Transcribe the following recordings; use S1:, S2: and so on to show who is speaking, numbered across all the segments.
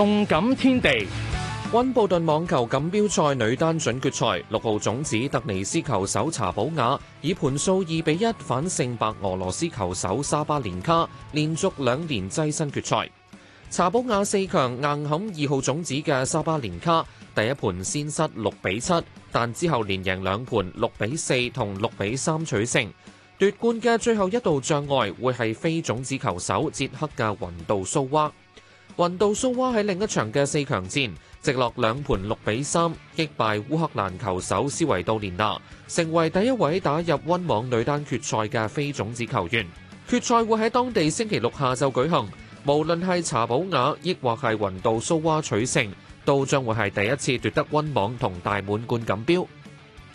S1: 動感天地，溫布頓網球錦標賽女單準決賽，六號種子突尼斯球手查寶雅以盤數二比一反勝白俄羅斯球手沙巴連卡，連續兩年躋身決賽。查寶雅四強硬冚二號種子嘅沙巴連卡，第一盤先失六比七，但之後連贏兩盤六比四同六比三取勝。奪冠嘅最後一度障礙會係非種子球手捷克嘅雲杜蘇娃。雲杜蘇娃喺另一場嘅四強戰，直落兩盤六比三擊敗烏克蘭球手斯維杜連娜，成為第一位打入溫網女單決賽嘅非種子球員。決賽會喺當地星期六下晝舉行。無論係查寶雅，抑或係雲杜蘇娃取勝，都將會係第一次奪得溫網同大滿貫錦標。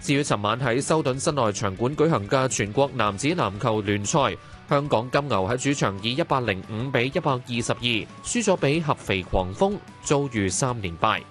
S1: 至於尋晚喺修頓室內場館舉行嘅全國男子籃球聯賽，香港金牛喺主場以一百零五比一百二十二輸咗俾合肥狂風，遭遇三連敗。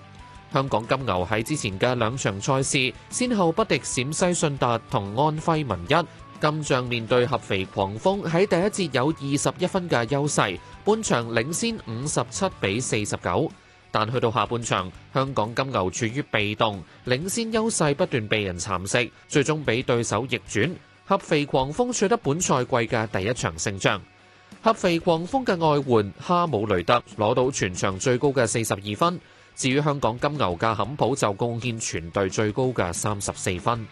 S1: 香港金牛喺之前嘅兩場賽事，先後不敵陝西信達同安徽文一。金像面對合肥狂風喺第一節有二十一分嘅優勢，半場領先五十七比四十九，但去到下半場，香港金牛處於被動，領先優勢不斷被人蠶食，最終俾對手逆轉。合肥狂風取得本賽季嘅第一場勝仗，合肥狂風嘅外援哈姆雷特攞到全場最高嘅四十二分，至於香港金牛嘅坎普就貢獻全隊最高嘅三十四分。